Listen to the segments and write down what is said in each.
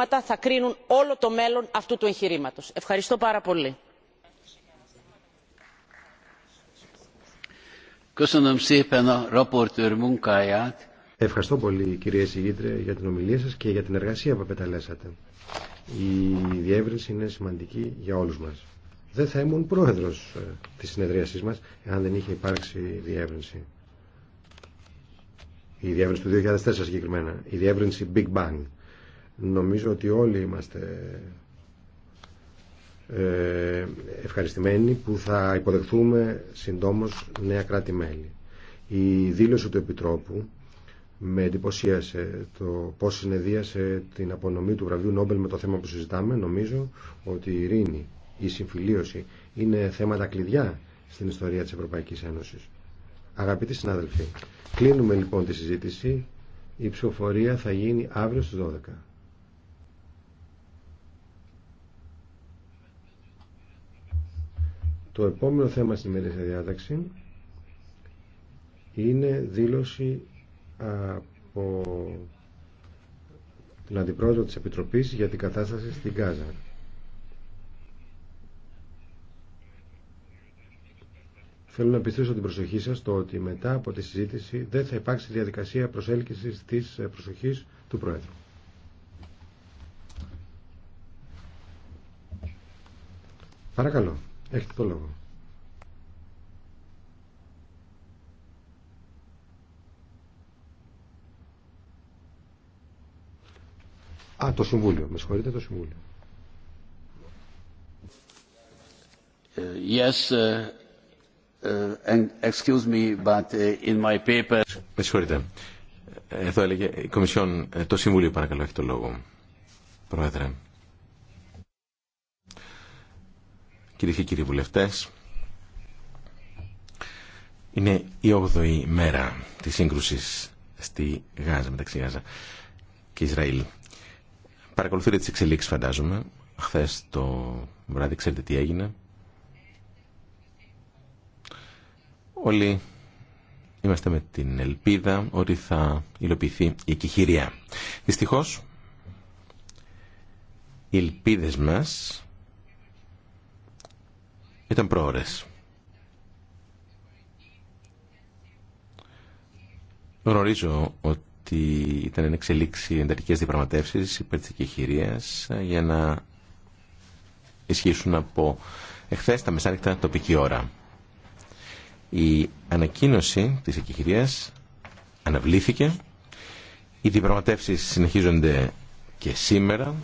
δείγματα θα κρίνουν όλο το μέλλον αυτού του εγχειρήματος. ευχαριστώ πάρα πολύ. Ευχαριστώ πολύ κυρία Σιγήτρια για την ομιλία σας και για την εργασία που επεταλέσατε. Η διεύρυνση είναι σημαντική για όλους μας. Δεν θα ήμουν πρόεδρος ε, της συνεδρίασής μας αν δεν είχε υπάρξει διεύρυνση. Η διεύρυνση του 2004 συγκεκριμένα. Η διεύρυνση Big Bang. Νομίζω ότι όλοι είμαστε ε, ευχαριστημένοι που θα υποδεχθούμε συντόμως νέα κράτη-μέλη. Η δήλωση του Επιτρόπου με εντυπωσίασε το πώς συνεδίασε την απονομή του βραβείου Νόμπελ με το θέμα που συζητάμε. Νομίζω ότι η ειρήνη, η συμφιλίωση είναι θέματα κλειδιά στην ιστορία της Ευρωπαϊκής Ένωσης. Αγαπητοί συνάδελφοι, κλείνουμε λοιπόν τη συζήτηση. Η ψηφοφορία θα γίνει αύριο στις 12. Το επόμενο θέμα στη ημερήσια διάταξη είναι δήλωση από την Αντιπρόεδρο της Επιτροπής για την κατάσταση στην Κάζα. Θέλω να πιστήσω την προσοχή σας στο ότι μετά από τη συζήτηση δεν θα υπάρξει διαδικασία προσέλκυσης της προσοχής του Πρόεδρου. Παρακαλώ. Έχετε το λόγο. Α, το Συμβούλιο. Με συγχωρείτε, το Συμβούλιο. Ε, yes, ε, ε, excuse me, but in my paper... Με συγχωρείτε. Εδώ έλεγε η Κομισιόν, το Συμβούλιο παρακαλώ έχει το λόγο. Πρόεδρε. Κυρίε και κύριοι βουλευτέ, είναι η 8η μέρα τη σύγκρουση στη Γάζα, μεταξύ Γάζα και Ισραήλ. Παρακολουθείτε τι εξελίξει, φαντάζομαι. Χθε το βράδυ, ξέρετε τι έγινε. Όλοι είμαστε με την ελπίδα ότι θα υλοποιηθεί η εκεχηρία. Δυστυχώ, οι ελπίδες μας ήταν πρόορες. Γνωρίζω ότι ήταν εν εξελίξει εντατικές διαπραγματεύσεις υπέρ της εκεχηρίας για να ισχύσουν από εχθές τα μεσάνυχτα τοπική ώρα. Η ανακοίνωση της εκεχηρίας αναβλήθηκε. Οι διαπραγματεύσεις συνεχίζονται και σήμερα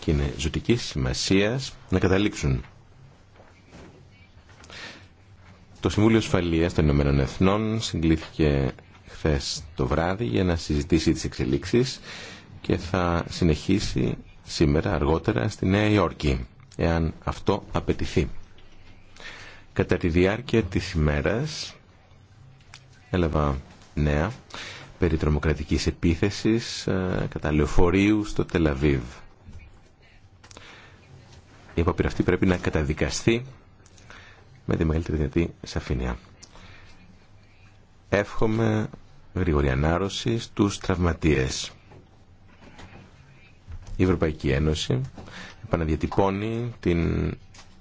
και είναι ζωτικής σημασίας να καταλήξουν το Συμβούλιο Ασφαλείας των Ηνωμένων Εθνών συγκλήθηκε χθε το βράδυ για να συζητήσει τις εξελίξεις και θα συνεχίσει σήμερα αργότερα στη Νέα Υόρκη, εάν αυτό απαιτηθεί. Κατά τη διάρκεια της ημέρας έλαβα νέα περί τρομοκρατικής επίθεσης ε, κατά λεωφορείου στο Τελαβίβ. Η επαπειραυτή πρέπει να καταδικαστεί με τη μεγαλύτερη δυνατή σαφήνεια. Εύχομαι γρήγορη ανάρρωση στους τραυματίες. Η Ευρωπαϊκή Ένωση επαναδιατυπώνει την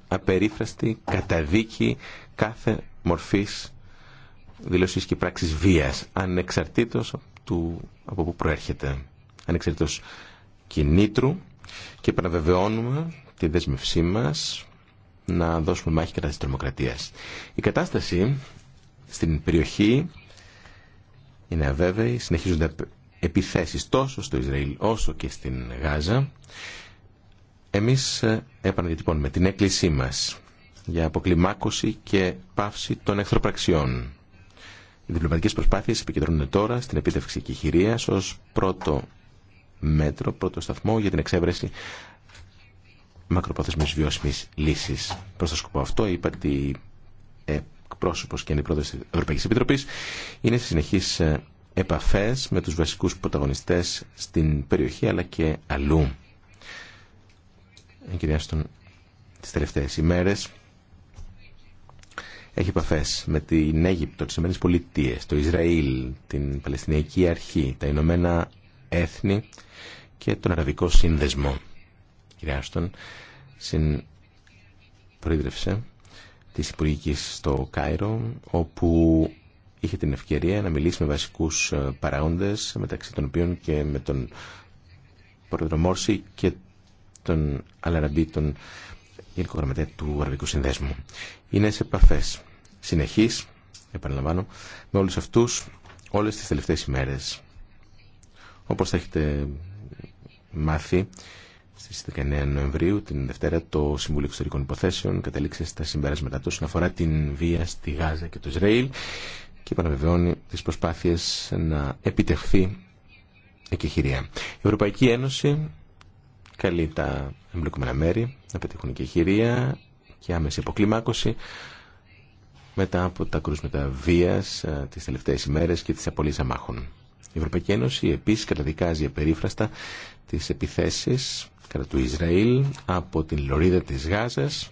απερίφραστη καταδίκη κάθε μορφής δηλώσεις και πράξης βίας, ανεξαρτήτως του, από που προέρχεται, ανεξαρτήτως κινήτρου και επαναβεβαιώνουμε τη δέσμευσή μας να δώσουμε μάχη κατά της τρομοκρατίας. Η κατάσταση στην περιοχή είναι αβέβαιη, συνεχίζονται επιθέσεις τόσο στο Ισραήλ όσο και στην Γάζα. Εμείς ε, επαναδιατυπώνουμε την έκκλησή μας για αποκλιμάκωση και πάυση των εχθροπραξιών. Οι διπλωματικές προσπάθειες επικεντρωνούν τώρα στην επίτευξη κυχηρίας ως πρώτο μέτρο, πρώτο σταθμό για την εξέβρεση μακροπρόθεσμε βιώσιμη λύση. Προ το σκοπό αυτό είπα ότι εκπρόσωπος και η τη Ευρωπαϊκή Επιτροπής είναι σε συνεχείς ε, επαφές με τους βασικούς πρωταγωνιστές στην περιοχή αλλά και αλλού. Η κυρία Στον τις τελευταίες ημέρες έχει επαφές με την Αίγυπτο, τις ΗΠΑ, το Ισραήλ, την Παλαιστινιακή Αρχή, τα Ηνωμένα Έθνη και τον Αραβικό Σύνδεσμο κυρία Άστον πρόεδρευση της Υπουργικής στο Κάιρο όπου είχε την ευκαιρία να μιλήσει με βασικούς ε, παράγοντες μεταξύ των οποίων και με τον πρόεδρο Μόρση και τον Αλαραμπή τον γενικό γραμματέα του Αραβικού Συνδέσμου. Είναι σε επαφέ. συνεχής, επαναλαμβάνω, με όλους αυτούς όλες τις τελευταίες ημέρες. Όπως θα έχετε μάθει, Στι 19 Νοεμβρίου, την Δευτέρα, το Συμβούλιο Εξωτερικών Υποθέσεων κατέληξε στα συμπεράσματα του όσον αφορά την βία στη Γάζα και το Ισραήλ και παραβεβαιώνει τι προσπάθειε να επιτευχθεί εκεχηρία. Η Ευρωπαϊκή Ένωση καλεί τα εμπλεκόμενα μέρη να πετύχουν εκεχηρία και άμεση αποκλιμάκωση μετά από τα κρούσματα βία ε, τι τελευταίε ημέρε και τις απολύσει αμάχων. Η Ευρωπαϊκή Ένωση επίσης καταδικάζει απερίφραστα τις επιθέσεις κατά του Ισραήλ από την λωρίδα της Γάζας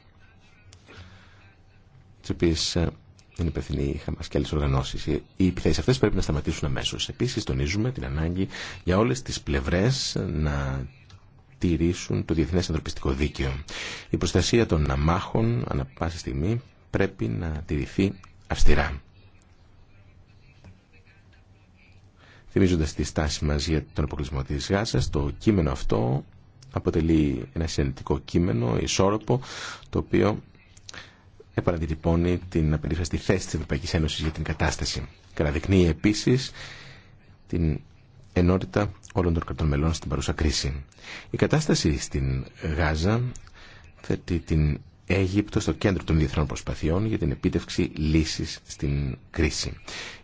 τις οποίες ε, είναι υπευθυνή η Χαμάς και άλλες οργανώσεις. Οι επιθέσεις αυτές πρέπει να σταματήσουν αμέσως. Επίσης τονίζουμε την ανάγκη για όλες τις πλευρές να τηρήσουν το διεθνές ανθρωπιστικό δίκαιο. Η προστασία των αμάχων ανά πάση στιγμή πρέπει να τηρηθεί αυστηρά. Θυμίζοντας τη στάση μας για τον αποκλεισμό της Γάζας, το κείμενο αυτό αποτελεί ένα συνεντικό κείμενο, ισόρροπο, το οποίο επαναδιτυπώνει την απερίφραστη θέση της Ευρωπαϊκής Ένωσης για την κατάσταση. Καραδεικνύει επίσης την ενότητα όλων των κρατών μελών στην παρούσα κρίση. Η κατάσταση στην Γάζα θέτει την Αίγυπτο στο κέντρο των διεθνών προσπαθειών για την επίτευξη λύσης στην κρίση.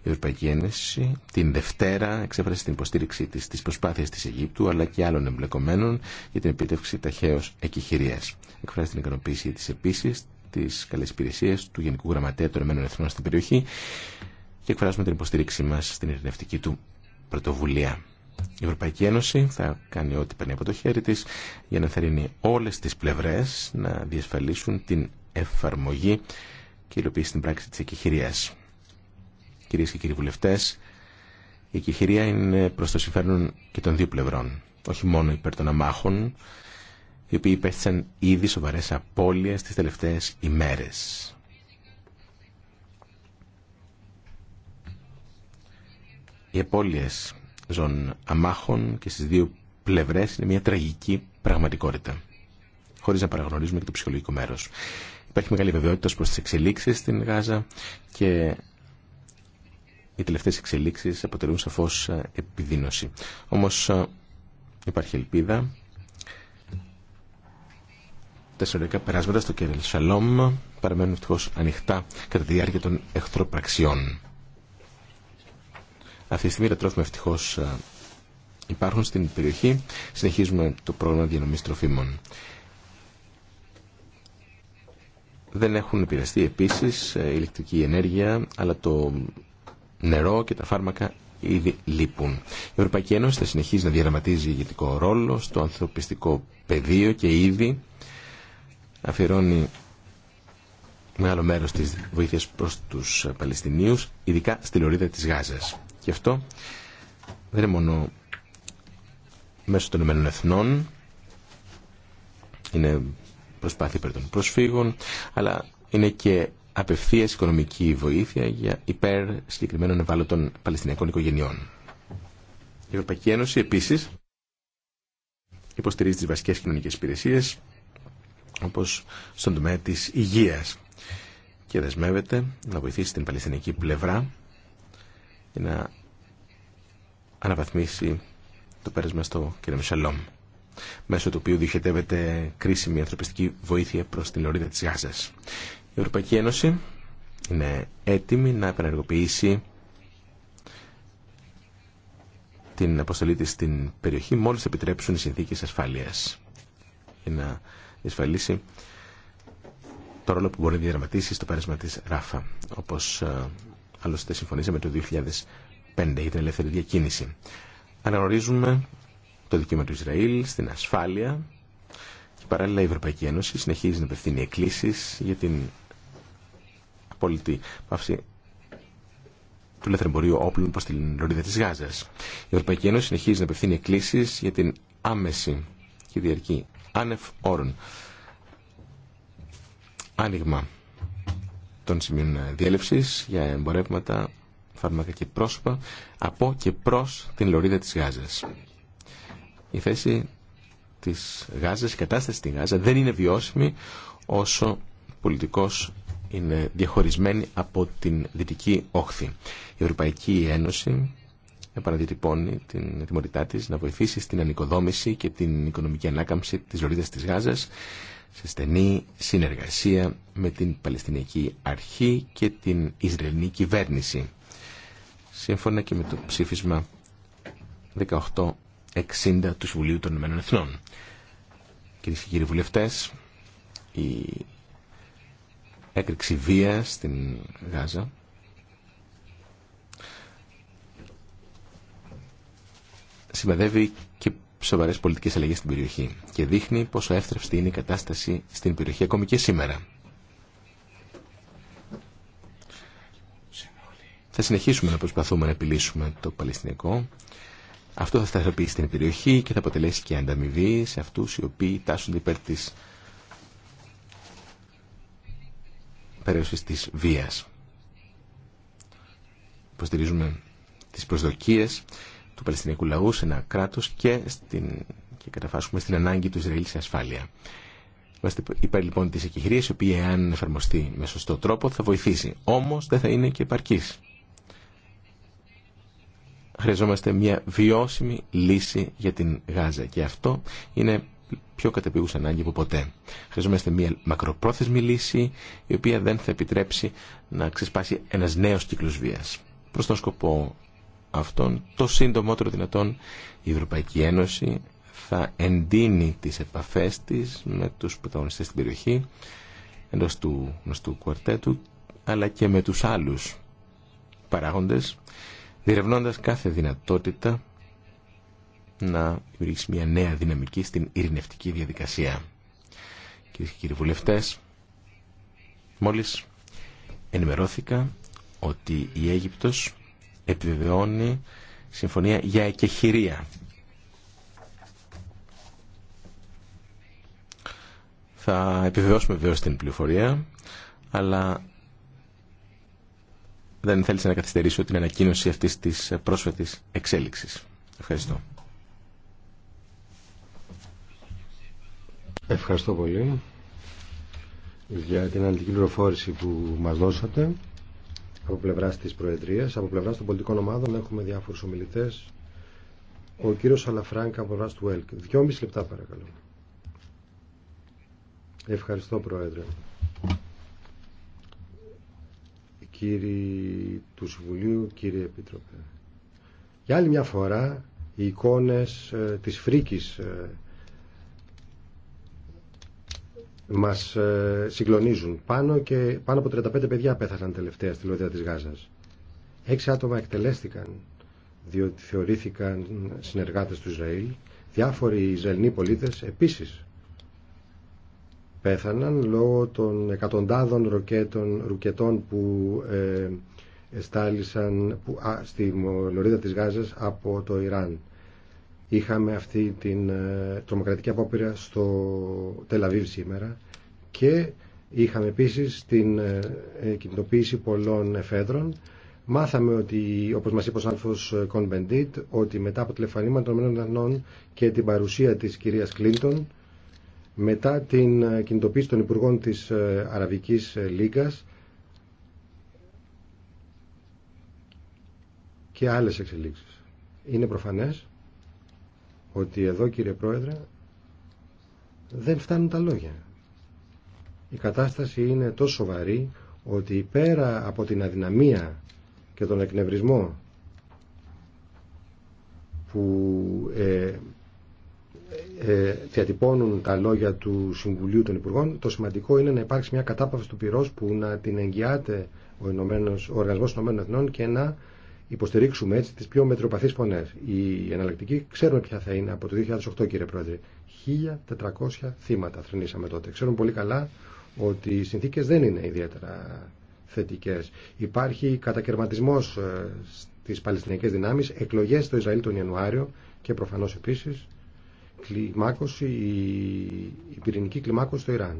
Η Ευρωπαϊκή Ένωση την Δευτέρα εξέφρασε την υποστήριξή τη στι προσπάθειες της Αιγύπτου αλλά και άλλων εμπλεκομένων για την επίτευξη ταχαίω εκχειρία. Εκφράζει την ικανοποίησή τη επίση, της καλής υπηρεσίας του Γενικού Γραμματέα των Ηνωμένων Εθνών στην περιοχή και εκφράζουμε την υποστήριξή μα στην ειρηνευτική του πρωτοβουλία. Η Ευρωπαϊκή Ένωση θα κάνει ό,τι παίρνει από το χέρι τη για να θερινεί όλε τι πλευρέ να διασφαλίσουν την εφαρμογή και υλοποίηση στην πράξη τη κυρίες και κύριοι βουλευτές, η εκεχηρία είναι προς το συμφέρον και των δύο πλευρών, όχι μόνο υπέρ των αμάχων, οι οποίοι υπέστησαν ήδη σοβαρές απώλειες τις τελευταίες ημέρες. Οι απώλειες ζων αμάχων και στις δύο πλευρές είναι μια τραγική πραγματικότητα, χωρίς να παραγνωρίζουμε και το ψυχολογικό μέρος. Υπάρχει μεγάλη βεβαιότητα προς τις εξελίξεις στην Γάζα και οι τελευταίες εξελίξεις αποτελούν σαφώς ε, επιδείνωση. Όμως ε, υπάρχει ελπίδα. Τα συνολικά περάσματα στο Κέρελ Σαλόμ παραμένουν ευτυχώς ανοιχτά κατά τη διάρκεια των εχθροπραξιών. Αυτή τη στιγμή τα τρόφιμα ευτυχώ ε, υπάρχουν στην περιοχή. Συνεχίζουμε το πρόγραμμα διανομής τροφίμων. Δεν έχουν επηρεαστεί επίσης ηλεκτρική ενέργεια, αλλά το νερό και τα φάρμακα ήδη λείπουν. Η Ευρωπαϊκή Ένωση θα συνεχίζει να διαδραματίζει ηγετικό ρόλο στο ανθρωπιστικό πεδίο και ήδη αφιερώνει μεγάλο μέρος της βοήθειας προς τους Παλαιστινίους, ειδικά στη λωρίδα της Γάζας. Και αυτό δεν είναι μόνο μέσω των Ηνωμένων Εθνών, είναι προσπάθεια περί των προσφύγων, αλλά είναι και απευθείας οικονομική βοήθεια για υπέρ συγκεκριμένων ευάλωτων Παλαιστινιακών οικογενειών. Η Ευρωπαϊκή Ένωση επίσης υποστηρίζει τις βασικές κοινωνικές υπηρεσίες όπως στον τομέα της υγείας και δεσμεύεται να βοηθήσει την Παλαιστινιακή πλευρά για να αναβαθμίσει το πέρασμα στο κ. Μισελόμ, μέσω του οποίου διοχετεύεται κρίσιμη ανθρωπιστική βοήθεια προς την λωρίδα της Γάζας. Η Ευρωπαϊκή Ένωση είναι έτοιμη να επαναργοποιήσει την αποστολή της στην περιοχή μόλις επιτρέψουν οι συνθήκες ασφάλειας για να εισφαλίσει το ρόλο που μπορεί να διαδραματίσει στο πέρασμα της ράφα όπως ε, άλλωστε συμφωνήσαμε το 2005 για την ελεύθερη διακίνηση. Αναγνωρίζουμε το δικαίωμα του Ισραήλ στην ασφάλεια και παράλληλα η Ευρωπαϊκή Ένωση συνεχίζει να απευθύνει εκκλήσεις για την πολιτή. Παύση του όπλων προ την Λωρίδα τη Γάζα. Η Ευρωπαϊκή Ένωση συνεχίζει να απευθύνει εκκλήσει για την άμεση και διαρκή άνευ όρων. Άνοιγμα των σημείων διέλευση για εμπορεύματα, φάρμακα και πρόσωπα από και προ την Λωρίδα τη Γάζα. Η θέση τη Γάζας, η κατάσταση στη Γάζα δεν είναι βιώσιμη όσο πολιτικός είναι διαχωρισμένη από την Δυτική Όχθη. Η Ευρωπαϊκή Ένωση επαναδιατυπώνει την ετοιμότητά τη να βοηθήσει στην ανοικοδόμηση και την οικονομική ανάκαμψη της Λωρίδας της Γάζας σε στενή συνεργασία με την Παλαιστινιακή Αρχή και την Ισραηλινή Κυβέρνηση. Σύμφωνα και με το ψήφισμα 1860 του Συμβουλίου των Ηνωμένων Εθνών. Κυρίε και κύριοι βουλευτέ, έκρηξη βία στην Γάζα. συμβαδεύει και σοβαρές πολιτικές αλλαγές στην περιοχή και δείχνει πόσο εύθρευστη είναι η κατάσταση στην περιοχή ακόμη και σήμερα. Θα συνεχίσουμε να προσπαθούμε να επιλύσουμε το Παλαιστινικό. Αυτό θα σταθεροποιήσει την περιοχή και θα αποτελέσει και ανταμοιβή σε αυτούς οι οποίοι τάσσονται υπέρ της περίωσης της βίας. Υποστηρίζουμε τις προσδοκίες του Παλαιστινιακού λαού σε ένα κράτος και, στην, και καταφάσουμε στην ανάγκη του Ισραήλ σε ασφάλεια. Είμαστε υπέρ λοιπόν τη εκεχηρία, η οποία αν εφαρμοστεί με σωστό τρόπο θα βοηθήσει. Όμω δεν θα είναι και επαρκή. Χρειαζόμαστε μια βιώσιμη λύση για την Γάζα και αυτό είναι πιο κατεπίγουσα ανάγκη από ποτέ. Χρειαζόμαστε μια μακροπρόθεσμη λύση η οποία δεν θα επιτρέψει να ξεσπάσει ένας νέος κύκλος βίας. Προς τον σκοπό αυτόν, το σύντομότερο δυνατόν η Ευρωπαϊκή Ένωση θα εντείνει τις επαφές της με τους πρωταγωνιστέ στην περιοχή εντός του γνωστού κουαρτέτου αλλά και με τους άλλου παράγοντε, διερευνώντα κάθε δυνατότητα να δημιουργήσει μια νέα δυναμική στην ειρηνευτική διαδικασία. Κυρίε και κύριοι βουλευτέ, μόλι ενημερώθηκα ότι η Αίγυπτος επιβεβαιώνει συμφωνία για εκεχηρία. Θα επιβεβαιώσουμε βεβαίως την πληροφορία, αλλά δεν θέλησα να καθυστερήσω την ανακοίνωση αυτής της πρόσφατης εξέλιξης. Ευχαριστώ. Ευχαριστώ πολύ για την αναλυτική πληροφόρηση που μας δώσατε από πλευράς της Προεδρίας, από πλευράς των πολιτικών ομάδων έχουμε διάφορους ομιλητές. Ο κύριος Αλαφράνκα από πλευράς του ΕΛΚ. Δυόμιση λεπτά παρακαλώ. Ευχαριστώ Πρόεδρε. Κύριοι του Συμβουλίου, κύριε Επίτροπε. Για άλλη μια φορά οι εικόνες ε, της φρίκης ε, μας ε, συγκλονίζουν. Πάνω, και, πάνω από 35 παιδιά πέθαναν τελευταία στη Λοδία της Γάζας. Έξι άτομα εκτελέστηκαν διότι θεωρήθηκαν συνεργάτες του Ισραήλ. Διάφοροι Ισραηλοί πολίτες επίσης πέθαναν λόγω των εκατοντάδων ροκέτων, ρουκετών που ε, εστάλησαν που, στη Λωρίδα της Γάζας από το Ιράν. Είχαμε αυτή την ε, τρομοκρατική απόπειρα στο Τελαβίβ σήμερα και είχαμε επίσης την ε, ε, κινητοποίηση πολλών εφέδρων. Μάθαμε ότι, όπως μας είπε ο Σάλφος Κονμπεντίτ, ότι μετά από τηλεφανήμα των ΗΠΑ και την παρουσία της κυρίας Κλίντον, μετά την κινητοποίηση των Υπουργών της Αραβικής Λίγκας και άλλες εξελίξεις. Είναι προφανές ότι εδώ κύριε Πρόεδρε δεν φτάνουν τα λόγια. Η κατάσταση είναι τόσο σοβαρή ότι πέρα από την αδυναμία και τον εκνευρισμό που ε, ε, ε διατυπώνουν τα λόγια του Συμβουλίου των Υπουργών, το σημαντικό είναι να υπάρξει μια κατάπαυση του πυρός που να την εγγυάται ο, Οργανισμός των Ηνωμένων Εθνών και να υποστηρίξουμε έτσι τις πιο μετροπαθείς φωνές. Η εναλλακτική ξέρουμε ποια θα είναι από το 2008 κύριε Πρόεδρε. 1.400 θύματα θρυνήσαμε τότε. Ξέρουμε πολύ καλά ότι οι συνθήκες δεν είναι ιδιαίτερα θετικές. Υπάρχει κατακαιρματισμός ε, στις Παλαιστινιακές δυνάμεις, εκλογές στο Ισραήλ τον Ιανουάριο και προφανώς επίσης κλιμάκωση, η πυρηνική κλιμάκωση στο Ιράν.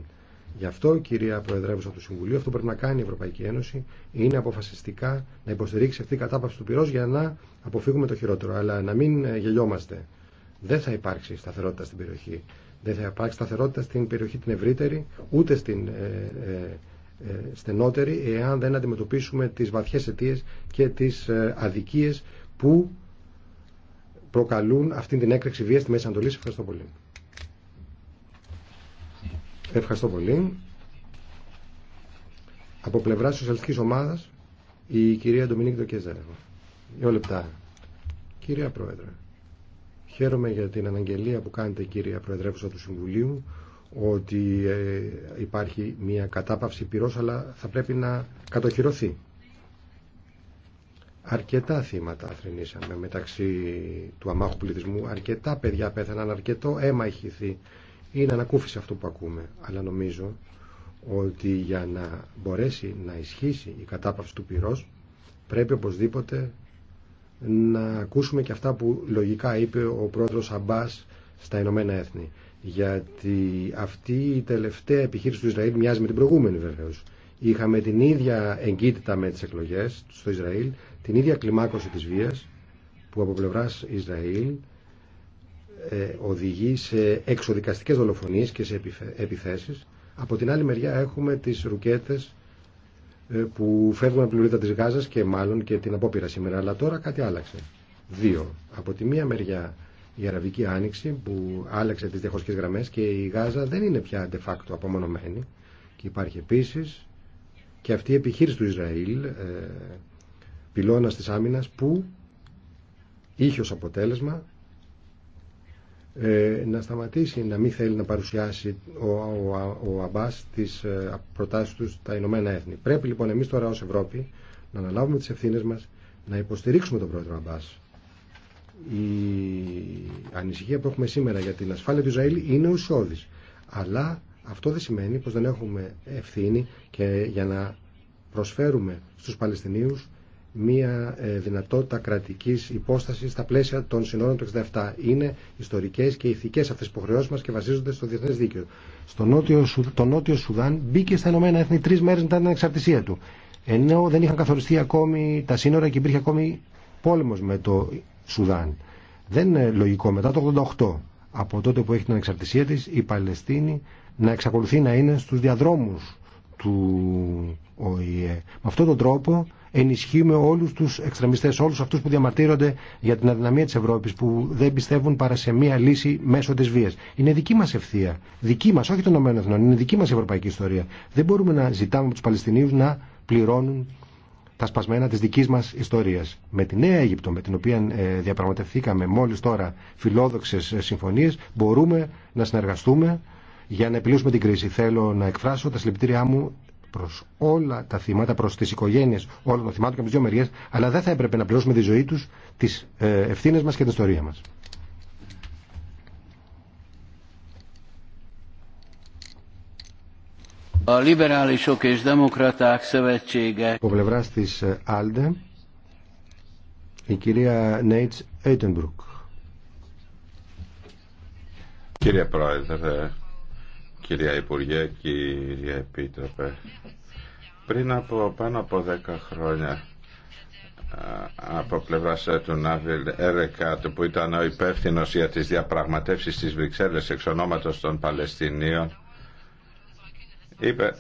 Γι' αυτό, κυρία Προεδρεύουσα του Συμβουλίου, αυτό που πρέπει να κάνει η Ευρωπαϊκή Ένωση είναι αποφασιστικά να υποστηρίξει αυτή η κατάπαυση του πυρός για να αποφύγουμε το χειρότερο. Αλλά να μην ε, γελιόμαστε. Δεν θα υπάρξει σταθερότητα στην περιοχή. Δεν θα υπάρξει σταθερότητα στην περιοχή την ευρύτερη, ούτε στην ε, ε, στενότερη, εάν δεν αντιμετωπίσουμε τι βαθιές αιτίε και τις αδικίες που προκαλούν αυτή την έκρηξη βία στη Μέση Ανατολή. Ευχαριστώ πολύ. Ευχαριστώ πολύ. Από πλευρά τη Σοσιαλιστική Ομάδα, η κυρία Ντομινίκ Δοκέζα. Δύο λεπτά. Κυρία Πρόεδρε, χαίρομαι για την αναγγελία που κάνετε, κυρία Προεδρεύουσα του Συμβουλίου, ότι ε, υπάρχει μια κατάπαυση πυρός, αλλά θα πρέπει να κατοχυρωθεί. Αρκετά θύματα θρυνήσαμε μεταξύ του αμάχου πληθυσμού. Αρκετά παιδιά πέθαναν, αρκετό αίμα έχει είναι ανακούφιση αυτό που ακούμε, αλλά νομίζω ότι για να μπορέσει να ισχύσει η κατάπαυση του πυρός πρέπει οπωσδήποτε να ακούσουμε και αυτά που λογικά είπε ο πρόεδρος Αμπάς στα Ηνωμένα Έθνη. Γιατί αυτή η τελευταία επιχείρηση του Ισραήλ μοιάζει με την προηγούμενη βεβαίω. Είχαμε την ίδια εγκύτητα με τις εκλογές στο Ισραήλ, την ίδια κλιμάκωση της βίας που από πλευράς Ισραήλ ε, οδηγεί σε εξοδικαστικές δολοφονίες και σε επιθέσεις. Από την άλλη μεριά έχουμε τις ρουκέτες ε, που φεύγουν από την της Γάζας και μάλλον και την απόπειρα σήμερα. Αλλά τώρα κάτι άλλαξε. Δύο. Από τη μία μεριά η Αραβική Άνοιξη που άλλαξε τις διαχωριστικές γραμμές και η Γάζα δεν είναι πια de facto απομονωμένη. Και υπάρχει επίσης και αυτή η επιχείρηση του Ισραήλ, ε, πυλώνας της που είχε ως αποτέλεσμα ε, να σταματήσει να μην θέλει να παρουσιάσει ο, ο, ο Αμπάς τις ε, προτάσεις του στα Ηνωμένα Έθνη. Πρέπει λοιπόν εμείς τώρα ως Ευρώπη να αναλάβουμε τις ευθύνες μας, να υποστηρίξουμε τον πρόεδρο Αμπάς. Η ανησυχία που έχουμε σήμερα για την ασφάλεια του Ισραήλ είναι ουσιώδης. Αλλά αυτό δεν σημαίνει πως δεν έχουμε ευθύνη και για να προσφέρουμε στους Παλαιστινίους μια ε, δυνατότητα κρατικής υπόστασης στα πλαίσια των συνόρων του 67. Είναι ιστορικές και ηθικές αυτές οι υποχρεώσεις μας και βασίζονται στο διεθνές δίκαιο. Στο νότιο, το νότιο Σουδάν μπήκε στα Ηνωμένα Έθνη τρεις μέρες μετά την εξαρτησία του. Ενώ δεν είχαν καθοριστεί ακόμη τα σύνορα και υπήρχε ακόμη πόλεμος με το Σουδάν. Δεν είναι λογικό μετά το 88 από τότε που έχει την ανεξαρτησία της η Παλαιστίνη να εξακολουθεί να είναι στους διαδρόμους του ΟΗΕ. Με αυτόν τον τρόπο ενισχύουμε όλου του εξτρεμιστέ, όλου αυτού που διαμαρτύρονται για την αδυναμία τη Ευρώπη, που δεν πιστεύουν παρά σε μία λύση μέσω τη βία. Είναι δική μα ευθεία. Δική μα, όχι των ΗΠΑ. Είναι δική μα ευρωπαϊκή ιστορία. Δεν μπορούμε να ζητάμε από του Παλαιστινίου να πληρώνουν τα σπασμένα τη δική μα ιστορία. Με τη Νέα Αίγυπτο, με την οποία ε, διαπραγματευθήκαμε μόλι τώρα φιλόδοξες ε, συμφωνίε, μπορούμε να συνεργαστούμε για να επιλύσουμε την κρίση. Θέλω να εκφράσω τα συλληπιτήριά μου προ όλα τα θύματα, προ τι οικογένειε όλων των θυμάτων και από τι δύο μεριέ, αλλά δεν θα έπρεπε να πληρώσουμε τη ζωή του, τι ε, ευθύνε μα και την ιστορία μα. Ο πλευρά τη ε, Άλντε, η κυρία Νέιτς Έιτενμπρουκ. Κύριε Πρόεδρε, κυρία Υπουργέ, κύριε Επίτροπε. Πριν από πάνω από δέκα χρόνια από πλευρά ε, του Νάβιλ του που ήταν ο υπεύθυνο για τις διαπραγματεύσεις της Βρυξέλλες εξ ονόματος των Παλαιστινίων είπε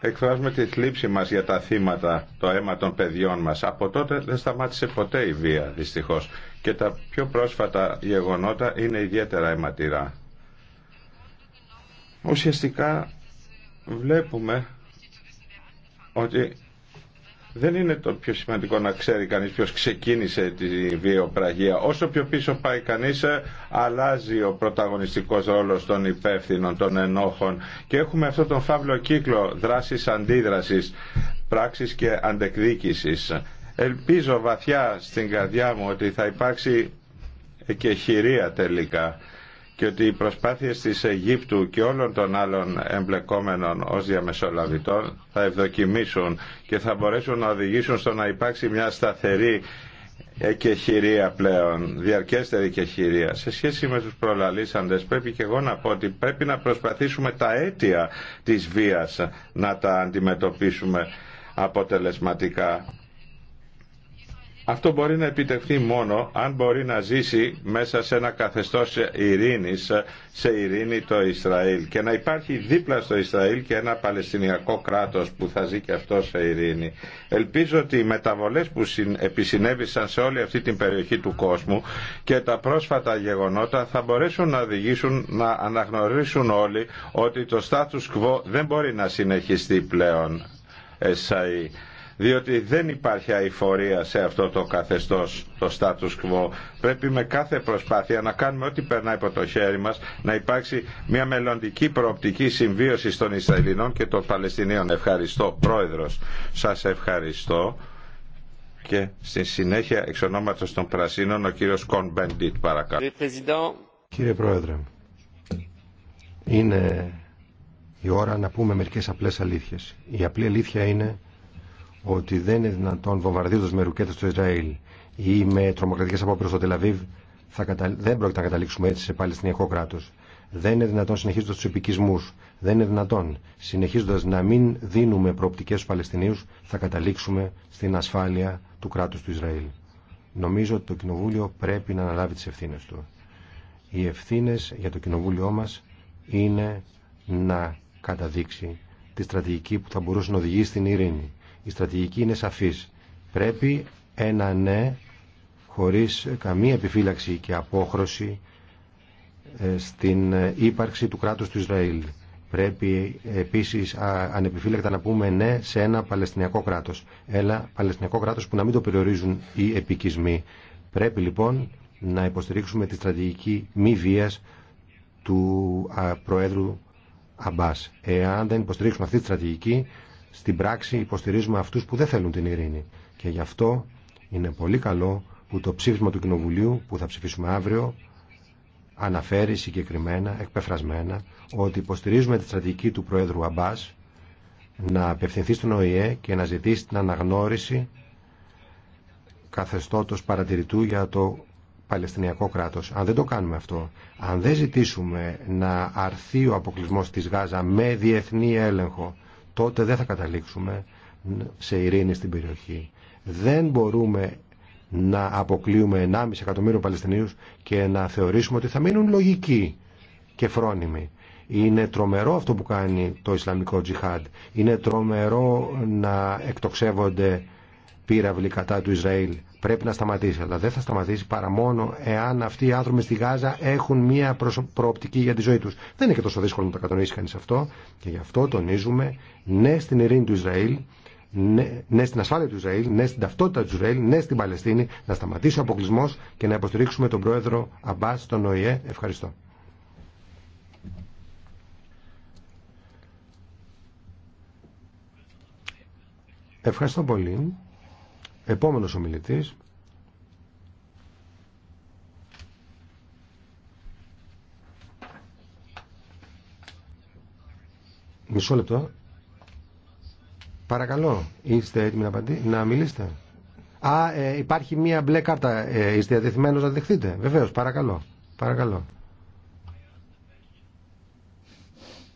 εκφράζουμε τη θλίψη μας για τα θύματα, το αίμα των παιδιών μας. Από τότε δεν σταμάτησε ποτέ η βία δυστυχώς και τα πιο πρόσφατα γεγονότα είναι ιδιαίτερα αιματηρά ουσιαστικά βλέπουμε ότι δεν είναι το πιο σημαντικό να ξέρει κανείς ποιος ξεκίνησε τη βιοπραγία. Όσο πιο πίσω πάει κανείς ε, αλλάζει ο πρωταγωνιστικός ρόλος των υπεύθυνων, των ενόχων και έχουμε αυτό τον φαύλο κύκλο δράσης-αντίδρασης, πράξης και αντεκδίκησης. Ελπίζω βαθιά στην καρδιά μου ότι θα υπάρξει και χειρία τελικά και ότι οι προσπάθειες της Αιγύπτου και όλων των άλλων εμπλεκόμενων ως διαμεσολαβητών θα ευδοκιμήσουν και θα μπορέσουν να οδηγήσουν στο να υπάρξει μια σταθερή εκεχηρία πλέον, διαρκέστερη εκεχηρία. Σε σχέση με τους προλαλήσαντες πρέπει και εγώ να πω ότι πρέπει να προσπαθήσουμε τα αίτια της βίας να τα αντιμετωπίσουμε αποτελεσματικά αυτό μπορεί να επιτευχθεί μόνο αν μπορεί να ζήσει μέσα σε ένα καθεστώς ειρήνης, σε ειρήνη το Ισραήλ και να υπάρχει δίπλα στο Ισραήλ και ένα Παλαιστινιακό κράτος που θα ζει και αυτό σε ειρήνη. Ελπίζω ότι οι μεταβολές που επισυνέβησαν σε όλη αυτή την περιοχή του κόσμου και τα πρόσφατα γεγονότα θα μπορέσουν να οδηγήσουν να αναγνωρίσουν όλοι ότι το status quo δεν μπορεί να συνεχιστεί πλέον διότι δεν υπάρχει αηφορία σε αυτό το καθεστώς, το status quo. Πρέπει με κάθε προσπάθεια να κάνουμε ό,τι περνάει από το χέρι μας, να υπάρξει μια μελλοντική προοπτική συμβίωση των Ισραηλινών και των Παλαιστινίων. Ευχαριστώ, Πρόεδρος. Σας ευχαριστώ. Και στη συνέχεια, εξ ονόματος των Πρασίνων, ο κύριος Κον Μπεντιτ, παρακαλώ. Κύριε Πρόεδρε, είναι η ώρα να πούμε μερικές απλές αλήθειες. Η απλή αλήθεια είναι ότι δεν είναι δυνατόν βομβαρδίζοντα με ρουκέτε στο Ισραήλ ή με τρομοκρατικέ απόπειρε στο Τελαβίβ, θα κατα... δεν πρόκειται να καταλήξουμε έτσι σε παλαιστινιακό κράτο. Δεν είναι δυνατόν συνεχίζοντα του επικισμού. Δεν είναι δυνατόν συνεχίζοντα να μην δίνουμε προοπτικέ στου Παλαιστινίου, θα καταλήξουμε στην ασφάλεια του κράτου του Ισραήλ. Νομίζω ότι το Κοινοβούλιο πρέπει να αναλάβει τι ευθύνε του. Οι ευθύνε για το Κοινοβούλιο μα είναι να καταδείξει τη στρατηγική που θα μπορούσε να οδηγήσει στην ειρήνη η στρατηγική είναι σαφής. Πρέπει ένα ναι χωρίς καμία επιφύλαξη και απόχρωση ε, στην ε, ύπαρξη του κράτους του Ισραήλ. Πρέπει ε, επίσης ανεπιφύλακτα να πούμε ναι σε ένα Παλαιστινιακό κράτος. Ένα Παλαιστινιακό κράτος που να μην το περιορίζουν οι επικισμοί. Πρέπει λοιπόν να υποστηρίξουμε τη στρατηγική μη βίας του Προέδρου Αμπάς. Εάν δεν υποστηρίξουμε αυτή τη στρατηγική στην πράξη υποστηρίζουμε αυτούς που δεν θέλουν την ειρήνη. Και γι' αυτό είναι πολύ καλό που το ψήφισμα του Κοινοβουλίου που θα ψηφίσουμε αύριο αναφέρει συγκεκριμένα, εκπεφρασμένα, ότι υποστηρίζουμε τη στρατηγική του Προέδρου Αμπάς να απευθυνθεί στον ΟΗΕ και να ζητήσει την αναγνώριση καθεστώτος παρατηρητού για το Παλαιστινιακό κράτος. Αν δεν το κάνουμε αυτό, αν δεν ζητήσουμε να αρθεί ο αποκλεισμός της Γάζα με διεθνή έλεγχο, τότε δεν θα καταλήξουμε σε ειρήνη στην περιοχή. Δεν μπορούμε να αποκλείουμε 1,5 εκατομμύριο Παλαιστινίους και να θεωρήσουμε ότι θα μείνουν λογικοί και φρόνιμοι. Είναι τρομερό αυτό που κάνει το Ισλαμικό Τζιχάντ. Είναι τρομερό να εκτοξεύονται πύραυλοι κατά του Ισραήλ. Πρέπει να σταματήσει, αλλά δεν θα σταματήσει παρά μόνο εάν αυτοί οι άνθρωποι στη Γάζα έχουν μία προοπτική για τη ζωή του. Δεν είναι και τόσο δύσκολο να το κατανοήσει κανεί αυτό και γι' αυτό τονίζουμε ναι στην ειρήνη του Ισραήλ, ναι, ναι στην ασφάλεια του Ισραήλ, ναι στην ταυτότητα του Ισραήλ, ναι στην Παλαιστίνη, να σταματήσει ο αποκλεισμό και να υποστηρίξουμε τον πρόεδρο Αμπά στον ΟΗΕ. Ευχαριστώ. Ευχαριστώ πολύ. Επόμενος ομιλητής. Μισό λεπτό. Παρακαλώ, είστε έτοιμοι να, να μιλήσετε. Α, ε, υπάρχει μία μπλε κάρτα. Ε, είστε διατεθειμένος να δεχτείτε. Βεβαίως, παρακαλώ. Παρακαλώ.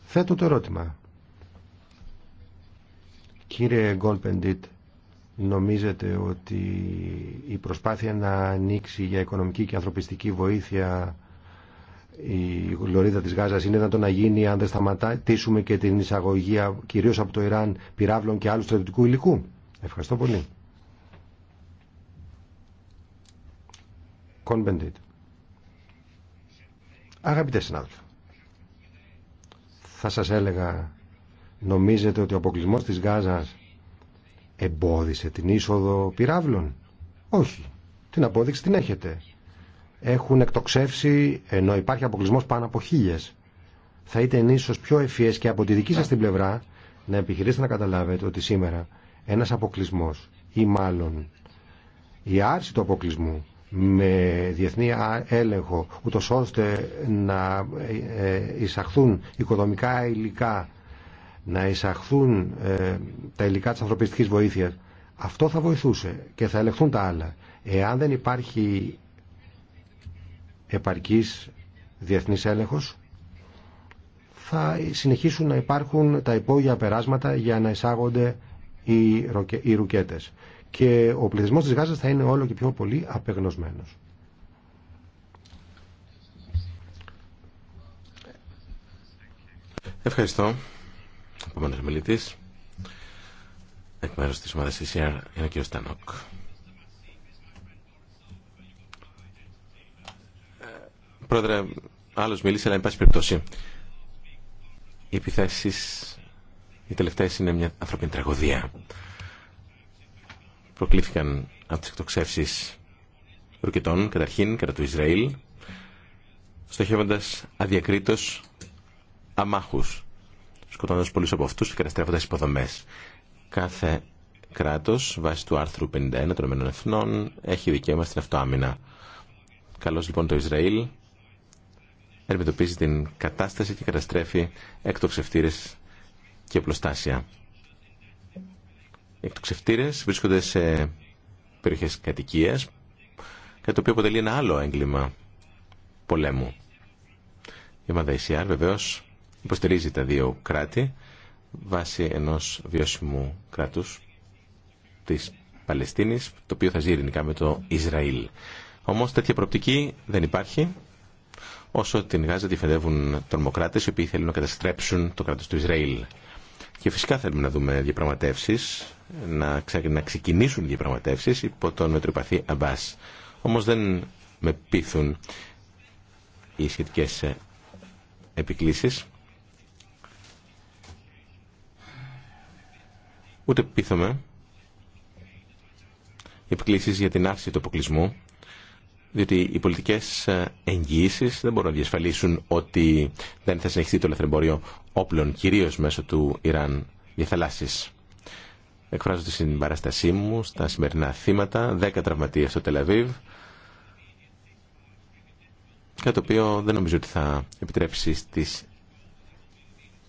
Θέτω το ερώτημα. Κύριε Γκόλπεντιτ, νομίζετε ότι η προσπάθεια να ανοίξει για οικονομική και ανθρωπιστική βοήθεια η λωρίδα της Γάζας είναι να το να γίνει αν δεν σταματήσουμε και την εισαγωγή κυρίως από το Ιράν πυράβλων και άλλου στρατιωτικού υλικού. Ευχαριστώ πολύ. Κονπεντήτ. Αγαπητέ συνάδελφοι, θα σας έλεγα νομίζετε ότι ο αποκλεισμός της Γάζας Εμπόδισε την είσοδο πυράβλων. Όχι. Την απόδειξη την έχετε. Έχουν εκτοξεύσει, ενώ υπάρχει αποκλεισμό πάνω από χίλιε. Θα ήταν ίσω πιο ευφυέ και από τη δική σα την πλευρά να επιχειρήσετε να καταλάβετε ότι σήμερα ένα αποκλεισμό ή μάλλον η άρση του αποκλεισμού με διεθνή έλεγχο, ούτω ώστε να ε, ε, εισαχθούν οικοδομικά υλικά να εισαχθούν ε, τα υλικά της ανθρωπιστικής βοήθειας, αυτό θα βοηθούσε και θα ελεγχθούν τα άλλα. Εάν δεν υπάρχει επαρκής διεθνής έλεγχος, θα συνεχίσουν να υπάρχουν τα υπόγεια περάσματα για να εισάγονται οι, ροκε, ρουκέτες. Και ο πληθυσμός της Γάζας θα είναι όλο και πιο πολύ απεγνωσμένος. Ευχαριστώ. Επόμενος μιλητής, εκ μέρους της ομάδας CCR, είναι ο κ. Στανόκ. Πρόεδρε, άλλος μίλησε, αλλά εν πάση περιπτώσει. Οι επιθέσεις, οι τελευταίες είναι μια ανθρώπινη τραγωδία. Προκλήθηκαν από τις εκτοξεύσεις ρουκετών, καταρχήν, κατά του Ισραήλ, στοχεύοντας αδιακρίτως αμάχους σκοτώνοντας πολλούς από αυτούς και καταστρέφοντας υποδομές. Κάθε κράτος, βάσει του άρθρου 51 των Εθνών έχει δικαίωμα στην αυτοάμυνα. Καλώς λοιπόν το Ισραήλ ερμητοποιήσει την κατάσταση και καταστρέφει εκτοξευτήρες και οπλοστάσια. Οι εκτοξευτήρες βρίσκονται σε περιοχές κατοικίας, κάτι το οποίο αποτελεί ένα άλλο έγκλημα πολέμου. Η ομάδα βεβαίως υποστηρίζει τα δύο κράτη βάσει ενός βιώσιμου κράτους της Παλαιστίνης, το οποίο θα ζει ειρηνικά με το Ισραήλ. Όμως τέτοια προοπτική δεν υπάρχει όσο την Γάζα τη φεδεύουν τορμοκράτες οι οποίοι θέλουν να καταστρέψουν το κράτος του Ισραήλ. Και φυσικά θέλουμε να δούμε διαπραγματεύσει, να, να ξεκινήσουν διαπραγματεύσει υπό τον μετροπαθή Αμπά. Όμω δεν με πείθουν οι σχετικέ ε, επικλήσει. Ούτε πείθομαι επικλήσεις για την άρση του αποκλεισμού, διότι οι πολιτικές ε, εγγυήσει δεν μπορούν να διασφαλίσουν ότι δεν θα συνεχιστεί το λαθρεμπόριο όπλων, κυρίως μέσω του Ιράν για θαλάσσεις. Εκφράζω τη συμπαραστασή μου στα σημερινά θύματα, 10 τραυματίες στο Τελαβίβ, κάτι το οποίο δεν νομίζω ότι θα επιτρέψει στις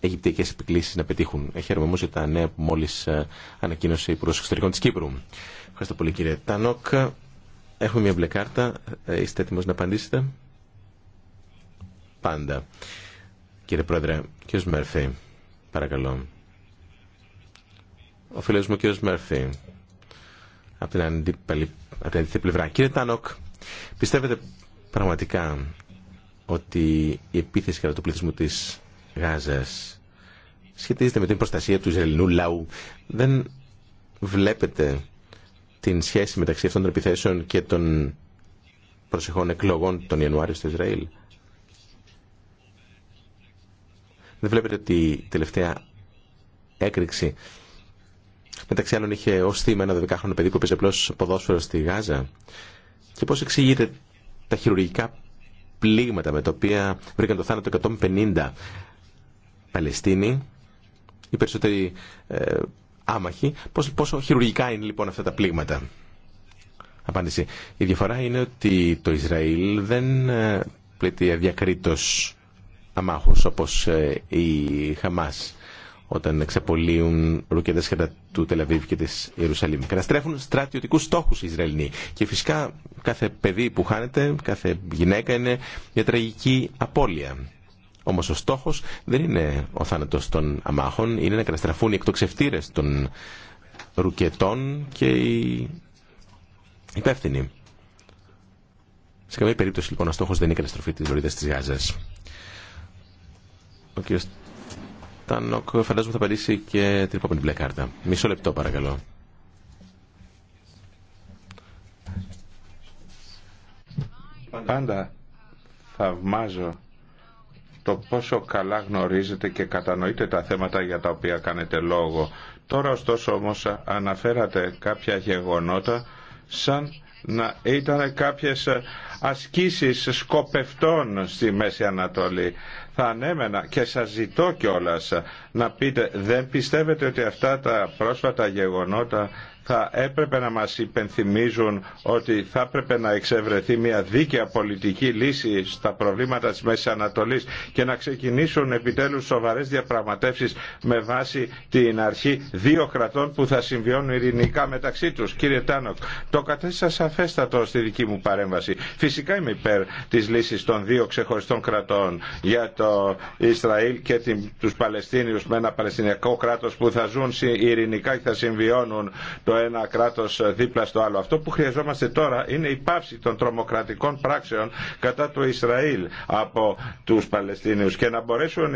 Αιγυπτιακέ επικλήσει να πετύχουν. Χαίρομαι όμω για τα νέα που μόλι ε, ανακοίνωσε η Υπουργό Εξωτερικών τη Κύπρου. Ευχαριστώ πολύ κύριε Τάνοκ. Έχουμε μια μπλε κάρτα. Ε, είστε έτοιμο να απαντήσετε. Πάντα. Κύριε Πρόεδρε, κύριο Μέρφυ, παρακαλώ. Ο φίλο μου κύριο Μέρφυ, από την αντίθετη πλευρά. Κύριε Τάνοκ, πιστεύετε πραγματικά ότι η επίθεση κατά του πληθυσμού της Γάζας σχετίζεται με την προστασία του Ισραηλινού λαού. Δεν βλέπετε την σχέση μεταξύ αυτών των επιθέσεων και των προσεχών εκλογών τον Ιανουάριο στο Ισραήλ. Δεν βλέπετε ότι η τελευταία έκρηξη μεταξύ άλλων είχε ω θύμα ένα 12χρονο παιδί που έπαιζε απλώ ποδόσφαιρο στη Γάζα. Και πώ εξηγείται τα χειρουργικά πλήγματα με τα οποία βρήκαν το θάνατο 150 Παλαιστίνη, οι περισσότεροι ε, άμαχοι. Πόσο, χειρουργικά είναι λοιπόν αυτά τα πλήγματα. Απάντηση. Η διαφορά είναι ότι το Ισραήλ δεν ε, πλήττει αδιακρίτως αμάχους όπως ε, η Χαμάς όταν εξαπολύουν ρουκέτες κατά του Τελαβίβ και της Ιερουσαλήμ. Καταστρέφουν στρατιωτικούς στόχους οι Ισραηλοί. Και φυσικά κάθε παιδί που χάνεται, κάθε γυναίκα είναι μια τραγική απώλεια. Όμω ο στόχο δεν είναι ο θάνατο των αμάχων, είναι να καταστραφούν οι εκτοξευτήρε των ρουκετών και οι υπεύθυνοι. Σε καμία περίπτωση λοιπόν ο στόχο δεν είναι η καταστροφή τη Λωρίδα τη Γάζα. Ο κ. Τάνοκ φαντάζομαι θα απαντήσει και την επόμενη μπλε κάρτα. Μισό λεπτό παρακαλώ. Πάντα θαυμάζω το πόσο καλά γνωρίζετε και κατανοείτε τα θέματα για τα οποία κάνετε λόγο. Τώρα ωστόσο όμως αναφέρατε κάποια γεγονότα σαν να ήταν κάποιες ασκήσεις σκοπευτών στη Μέση Ανατολή. Θα ανέμενα και σας ζητώ κιόλας να πείτε δεν πιστεύετε ότι αυτά τα πρόσφατα γεγονότα θα έπρεπε να μας υπενθυμίζουν ότι θα έπρεπε να εξευρεθεί μια δίκαια πολιτική λύση στα προβλήματα της Μέσης Ανατολής και να ξεκινήσουν επιτέλους σοβαρές διαπραγματεύσεις με βάση την αρχή δύο κρατών που θα συμβιώνουν ειρηνικά μεταξύ τους. Κύριε Τάνοκ, το κατέστησα σαφέστατο στη δική μου παρέμβαση. Φυσικά είμαι υπέρ της λύσης των δύο ξεχωριστών κρατών για το Ισραήλ και την, τους Παλαιστίνιους με ένα Παλαιστινιακό κράτος που θα ζουν ειρηνικά και θα συμβιώνουν το ένα κράτος δίπλα στο άλλο. Αυτό που χρειαζόμαστε τώρα είναι η πάυση των τρομοκρατικών πράξεων κατά του Ισραήλ από τους Παλαιστίνιους και να μπορέσουν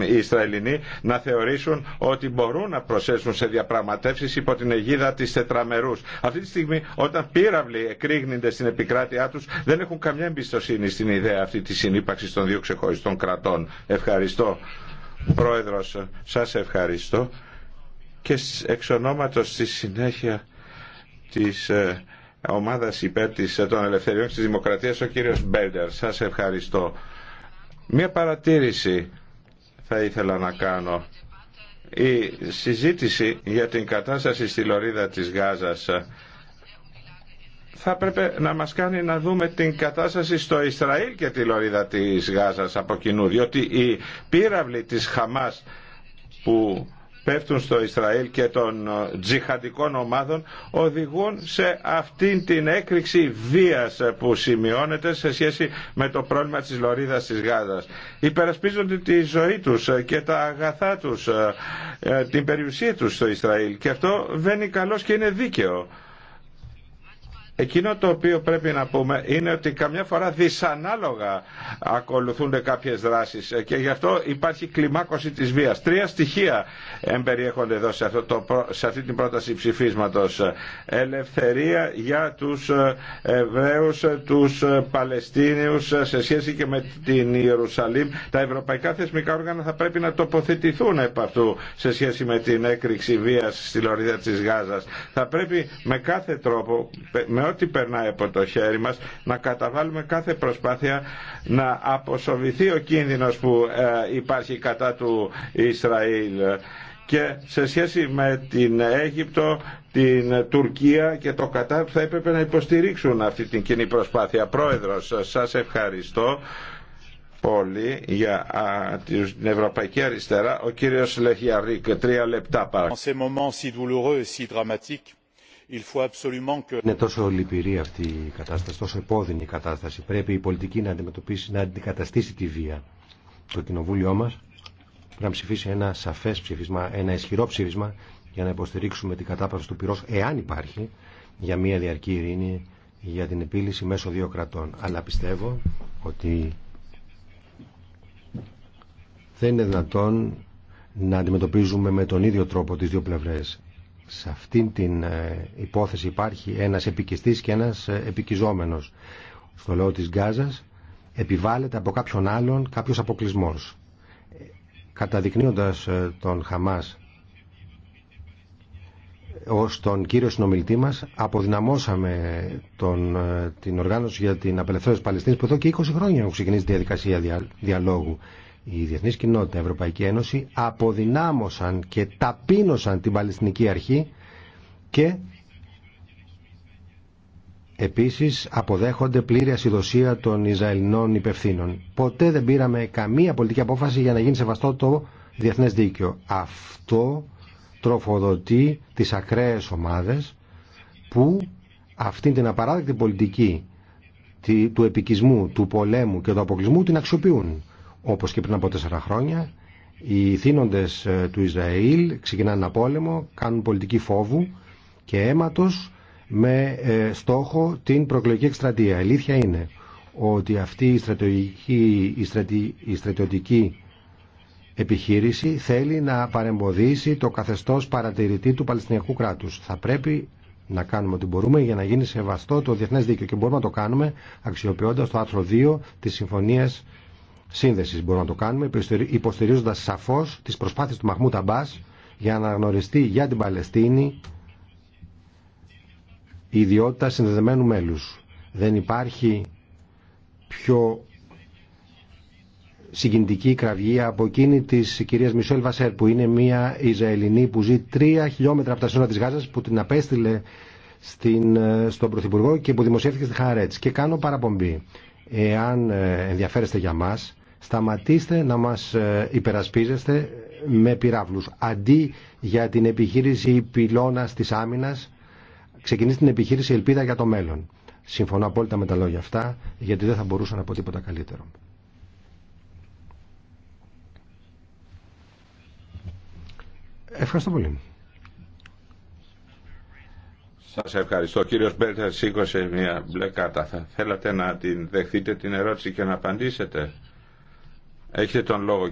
οι Ισραηλινοί να θεωρήσουν ότι μπορούν να προσέσουν σε διαπραγματεύσεις υπό την αιγίδα της τετραμερούς. Αυτή τη στιγμή όταν πύραυλοι εκρήγνυνται στην επικράτειά τους δεν έχουν καμιά εμπιστοσύνη στην ιδέα αυτή της συνύπαρξης των δύο ξεχωριστών κρατών. Ευχαριστώ. Πρόεδρος, σας ευχαριστώ και εξ ονόματος στη συνέχεια της ε, ομάδας υπέρ της, ε, των ελευθεριών της δημοκρατίας ο κύριος Μπέντερ. Σας ευχαριστώ. Μία παρατήρηση θα ήθελα να κάνω. Η συζήτηση για την κατάσταση στη Λωρίδα της Γάζας ε, θα πρέπει να μας κάνει να δούμε την κατάσταση στο Ισραήλ και τη Λωρίδα της Γάζας από κοινού, διότι η της Χαμάς που πέφτουν στο Ισραήλ και των ε, τζιχαντικών ομάδων οδηγούν σε αυτήν την έκρηξη βίας ε, που σημειώνεται σε σχέση με το πρόβλημα της Λωρίδας της Γάζας. Υπερασπίζονται τη ζωή τους ε, και τα αγαθά τους, την περιουσία τους στο Ισραήλ και αυτό βαίνει καλώς και είναι δίκαιο. Εκείνο το οποίο πρέπει να πούμε είναι ότι καμιά φορά δυσανάλογα ακολουθούνται κάποιες δράσεις και γι' αυτό υπάρχει κλιμάκωση της βίας. Τρία στοιχεία εμπεριέχονται εδώ σε, αυτό το, σε αυτή την πρόταση ψηφίσματος. Ελευθερία για τους Εβραίους, τους Παλαιστίνιους σε σχέση και με την Ιερουσαλήμ. Τα ευρωπαϊκά θεσμικά όργανα θα πρέπει να τοποθετηθούν επ' αυτού σε σχέση με την έκρηξη βίας στη Λωρίδα της Γάζας. Θα πρέπει με κάθε τρόπο, με ό,τι περνάει από το χέρι μας να καταβάλουμε κάθε προσπάθεια να αποσοβηθεί ο κίνδυνος που ε, υπάρχει κατά του Ισραήλ και σε σχέση με την Αίγυπτο, την Τουρκία και το Κατάρ θα έπρεπε να υποστηρίξουν αυτή την κοινή προσπάθεια. Πρόεδρος, σας ευχαριστώ πολύ για την Ευρωπαϊκή Αριστερά. Ο κύριος Λεχιαρίκ, τρία λεπτά παρακαλώ. Είναι τόσο λυπηρή αυτή η κατάσταση, τόσο επώδυνη η κατάσταση. Πρέπει η πολιτική να αντιμετωπίσει, να αντικαταστήσει τη βία. Το κοινοβούλιο μας πρέπει να ψηφίσει ένα σαφές ψήφισμα, ένα ισχυρό ψήφισμα για να υποστηρίξουμε την κατάπαυση του πυρός, εάν υπάρχει, για μια διαρκή ειρήνη, για την επίλυση μέσω δύο κρατών. Αλλά πιστεύω ότι δεν είναι δυνατόν να αντιμετωπίζουμε με τον ίδιο τρόπο τις δύο πλευρές σε αυτήν την ε, υπόθεση υπάρχει ένας επικιστής και ένας ε, επικιζόμενος. Στο λόγο της Γκάζας επιβάλλεται από κάποιον άλλον κάποιος αποκλεισμό. Καταδεικνύοντας ε, τον Χαμάς ως τον κύριο συνομιλητή μας αποδυναμώσαμε τον, την οργάνωση για την απελευθέρωση Παλαιστίνης που εδώ και 20 χρόνια έχουν ξεκινήσει τη διαδικασία διαλόγου η διεθνή κοινότητα, η Ευρωπαϊκή Ένωση αποδυνάμωσαν και ταπείνωσαν την Παλαιστινική Αρχή και επίσης αποδέχονται πλήρη ασυδοσία των Ισραηλινών υπευθύνων. Ποτέ δεν πήραμε καμία πολιτική απόφαση για να γίνει σεβαστό το διεθνές δίκαιο. Αυτό τροφοδοτεί τις ακραίες ομάδες που αυτή την απαράδεκτη πολιτική του επικισμού, του πολέμου και του αποκλεισμού την αξιοποιούν. Όπως και πριν από τέσσερα χρόνια, οι θύνοντες ε, του Ισραήλ ξεκινάνε ένα πόλεμο, κάνουν πολιτική φόβου και αίματος με ε, στόχο την προκλογική εκστρατεία. Η αλήθεια είναι ότι αυτή η στρατιωτική, η, στρατι, επιχείρηση θέλει να παρεμποδίσει το καθεστώς παρατηρητή του Παλαιστινιακού κράτους. Θα πρέπει να κάνουμε ό,τι μπορούμε για να γίνει σεβαστό το διεθνές δίκαιο και μπορούμε να το κάνουμε αξιοποιώντας το άρθρο 2 της Συμφωνίας Σύνδεση μπορούμε να το κάνουμε υποστηρίζοντα σαφώ τι προσπάθειε του Μαχμούτα Αμπάς για να αναγνωριστεί για την Παλαιστίνη η ιδιότητα συνδεδεμένου μέλου. Δεν υπάρχει πιο συγκινητική κραυγή από εκείνη τη κυρία Μισελ Βασέρ, που είναι μια Ισραηλινή που ζει τρία χιλιόμετρα από τα σύνορα τη Γάζα, που την απέστειλε στην, ε, στον Πρωθυπουργό και που δημοσιεύτηκε στη Χαρέτ. Και κάνω παραπομπή. Εάν ε, ενδιαφέρεστε για μα, σταματήστε να μας ε, υπερασπίζεστε με πυράβλους. Αντί για την επιχείρηση πυλώνας της άμυνας, ξεκινήστε την επιχείρηση ελπίδα για το μέλλον. Συμφωνώ απόλυτα με τα λόγια αυτά, γιατί δεν θα μπορούσα να πω τίποτα καλύτερο. Ευχαριστώ πολύ. Σας ευχαριστώ. Κύριος Μπέλτερ σήκωσε μια μπλε κάρτα. Θα θέλατε να την δεχτείτε την ερώτηση και να απαντήσετε. Έχετε τον λόγο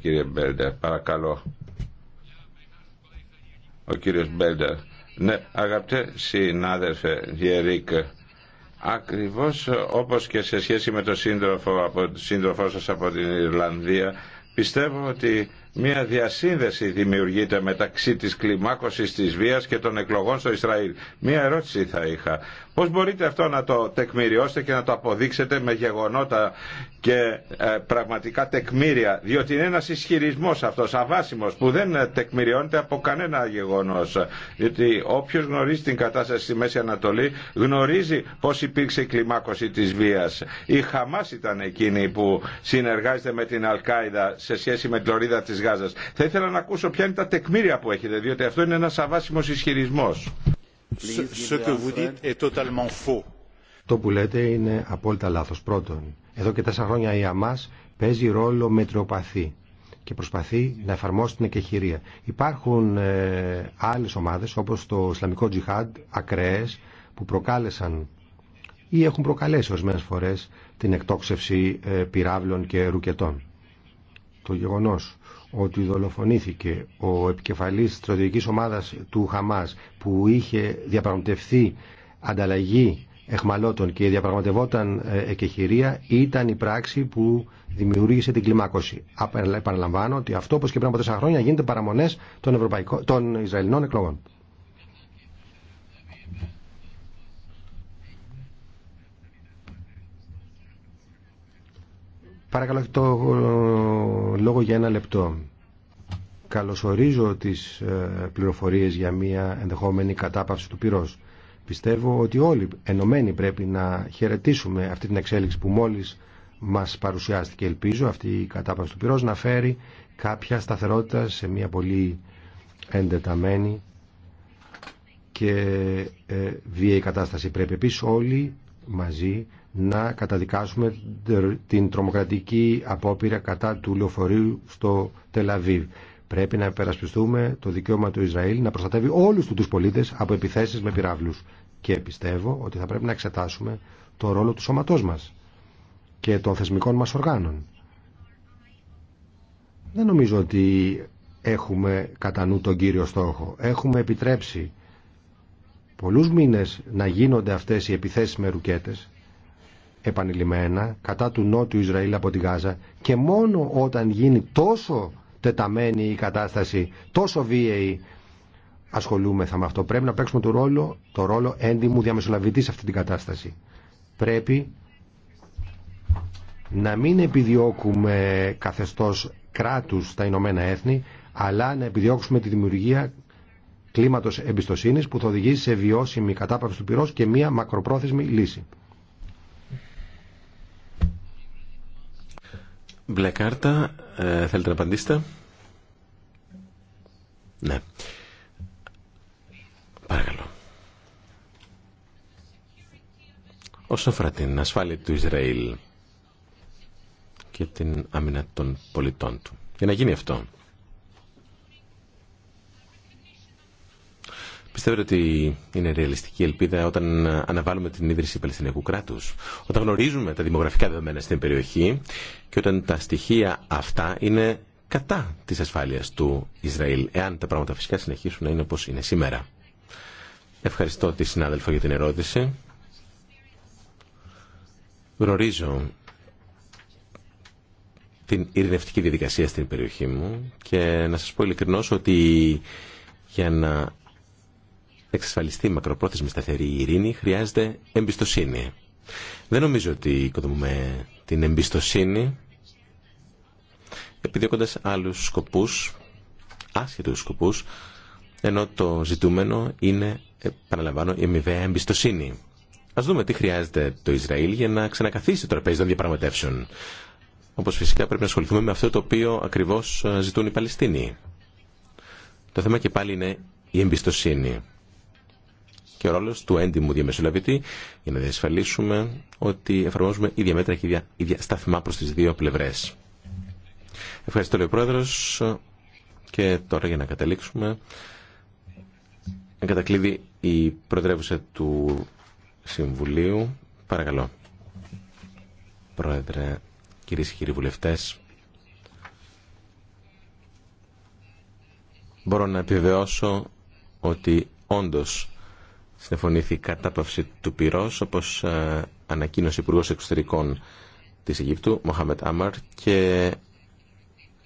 κύριε Μπέλντερ, παρακαλώ. Ο κύριος Μπέλντερ. Ναι, αγαπητέ συνάδελφε Γερίκ, ακριβώς όπως και σε σχέση με τον σύντροφο, από, σύντροφό σας από την Ιρλανδία, πιστεύω ότι μια διασύνδεση δημιουργείται μεταξύ της κλιμάκωσης της βίας και των εκλογών στο Ισραήλ. Μια ερώτηση θα είχα. Πώς μπορείτε αυτό να το τεκμηριώσετε και να το αποδείξετε με γεγονότα και ε, πραγματικά τεκμήρια, διότι είναι ένας ισχυρισμός αυτός, αβάσιμος, που δεν ε, τεκμηριώνεται από κανένα γεγονός. Διότι όποιος γνωρίζει την κατάσταση στη Μέση Ανατολή γνωρίζει πώς υπήρξε η κλιμάκωση της βίας. Η Χαμάς ήταν εκείνη που συνεργάζεται με την Αλκάιδα σε σχέση με την Λωρίδα της Γάζας. Θα ήθελα να ακούσω ποια είναι τα τεκμήρια που έχετε, διότι αυτό είναι ένας αβάσιμος ισχυρισμός. Το που λέτε είναι απόλυτα λάθος. Πρώτον, εδώ και τέσσερα χρόνια η ΑΜΑΣ παίζει ρόλο μετριοπαθή και προσπαθεί να εφαρμόσει την εκεχηρία. Υπάρχουν ε, άλλες ομάδες όπως το Ισλαμικό Τζιχάντ, ακραίες, που προκάλεσαν ή έχουν προκαλέσει ορισμένε φορές την εκτόξευση ε, πυράβλων και ρουκετών. Το γεγονός ότι δολοφονήθηκε ο επικεφαλής στρατηγικής ομάδας του Χαμάς που είχε διαπραγματευθεί ανταλλαγή εχμαλώτων και διαπραγματευόταν ε, εκεχηρία ήταν η πράξη που δημιούργησε την κλιμάκωση. Επαναλαμβάνω ότι αυτό όπως και πριν από τέσσερα χρόνια γίνεται παραμονές των, των Ισραηλινών εκλογών. Παρακαλώ, έχει το ε, λόγο για ένα λεπτό. Καλωσορίζω τις ε, πληροφορίες για μια ενδεχόμενη κατάπαυση του πυρός. Πιστεύω ότι όλοι ενωμένοι πρέπει να χαιρετήσουμε αυτή την εξέλιξη που μόλις μας παρουσιάστηκε. Ελπίζω αυτή η κατάπαυση του πυρός να φέρει κάποια σταθερότητα σε μια πολύ εντεταμένη και ε, βίαιη κατάσταση. Πρέπει επίσης όλοι μαζί να καταδικάσουμε την τρομοκρατική απόπειρα κατά του λεωφορείου στο Τελαβίβ. Πρέπει να υπερασπιστούμε το δικαίωμα του Ισραήλ να προστατεύει όλους τους πολίτες από επιθέσεις με πυράβλους. Και πιστεύω ότι θα πρέπει να εξετάσουμε το ρόλο του σώματός μας και των θεσμικών μας οργάνων. Δεν νομίζω ότι έχουμε κατά νου τον κύριο στόχο. Έχουμε επιτρέψει πολλούς μήνες να γίνονται αυτές οι επιθέσεις με ρουκέτες επανειλημμένα κατά του Νότιου Ισραήλ από τη Γάζα και μόνο όταν γίνει τόσο τεταμένη η κατάσταση, τόσο βίαιη, ασχολούμεθα με αυτό. Πρέπει να παίξουμε το ρόλο, το ρόλο έντιμου διαμεσολαβητή σε αυτή την κατάσταση. Πρέπει να μην επιδιώκουμε καθεστώς κράτους στα Ηνωμένα Έθνη, αλλά να επιδιώξουμε τη δημιουργία κλίματος εμπιστοσύνης που θα οδηγήσει σε βιώσιμη κατάπαυση του πυρός και μία μακροπρόθεσμη λύση. Μπλε κάρτα. Ε, θέλετε να απαντήσετε. Ναι. Παρακαλώ. Όσον αφορά την ασφάλεια του Ισραήλ και την άμυνα των πολιτών του. Για να γίνει αυτό, Πιστεύετε ότι είναι ρεαλιστική ελπίδα όταν αναβάλουμε την ίδρυση Παλαιστινιακού κράτου, όταν γνωρίζουμε τα δημογραφικά δεδομένα στην περιοχή και όταν τα στοιχεία αυτά είναι κατά της ασφάλειας του Ισραήλ, εάν τα πράγματα φυσικά συνεχίσουν να είναι όπω είναι σήμερα. Ευχαριστώ τη συνάδελφο για την ερώτηση. Γνωρίζω την ειρηνευτική διαδικασία στην περιοχή μου και να σας πω ειλικρινώς ότι για να εξασφαλιστεί μακροπρόθεσμη σταθερή ειρήνη, χρειάζεται εμπιστοσύνη. Δεν νομίζω ότι οικοδομούμε την εμπιστοσύνη επιδιώκοντας άλλους σκοπούς, άσχετους σκοπούς, ενώ το ζητούμενο είναι, επαναλαμβάνω, η αμοιβαία εμπιστοσύνη. Ας δούμε τι χρειάζεται το Ισραήλ για να ξανακαθίσει το τραπέζι των διαπραγματεύσεων. Όπω φυσικά πρέπει να ασχοληθούμε με αυτό το οποίο ακριβώς ε, ζητούν οι Παλαιστίνοι. Το θέμα και πάλι είναι η εμπιστοσύνη και ο ρόλος του έντιμου διαμεσολαβητή για να διασφαλίσουμε ότι εφαρμόζουμε ίδια μέτρα και ίδια, ίδια σταθμά προς τις δύο πλευρές. Ευχαριστώ λέει ο Πρόεδρος και τώρα για να καταλήξουμε εγκατακλείδει η Προεδρεύουσα του Συμβουλίου. Παρακαλώ. Πρόεδρε, κυρίες και κύριοι βουλευτές, μπορώ να επιβεβαιώσω ότι όντως συνεφωνήθη η κατάπαυση του πυρός όπως ε, ανακοίνωσε ο Υπουργός Εξωτερικών της Αιγύπτου, Μοχάμετ Άμαρ και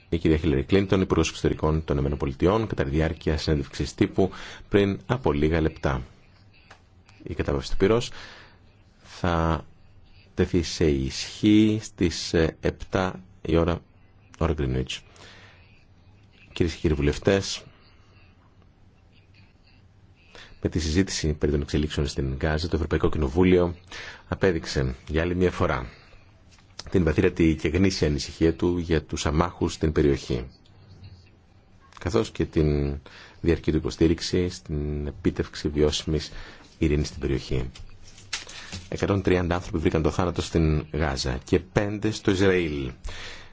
η κυρία Χίλερη Κλίντον, Υπουργό Εξωτερικών των ΗΠΑ, κατά τη διάρκεια συνέντευξη τύπου πριν από λίγα λεπτά. Η κατάπαυση του πυρός θα τεθεί σε ισχύ στις 7 ε, η ώρα, ώρα Greenwich. Κυρίε και κύριοι βουλευτές, με τη συζήτηση περί των εξελίξεων στην Γάζα, το Ευρωπαϊκό Κοινοβούλιο απέδειξε για άλλη μια φορά την βαθύρατη και γνήσια ανησυχία του για τους αμάχους στην περιοχή, καθώς και την διαρκή του υποστήριξη στην επίτευξη βιώσιμης ειρήνης στην περιοχή. 130 άνθρωποι βρήκαν το θάνατο στην Γάζα και 5 στο Ισραήλ